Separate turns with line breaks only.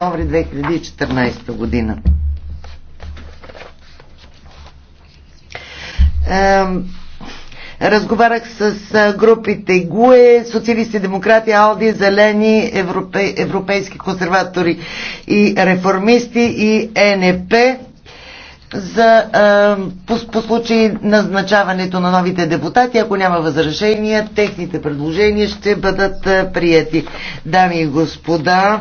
октомври 2014 година. Разговарях с групите ГУЕ, социалисти, демократи, АЛДИ, Зелени, европе, европейски консерватори и реформисти и НП е за по, по случай назначаването на новите депутати. Ако няма възражения, техните предложения ще бъдат е, прияти. Дами и господа,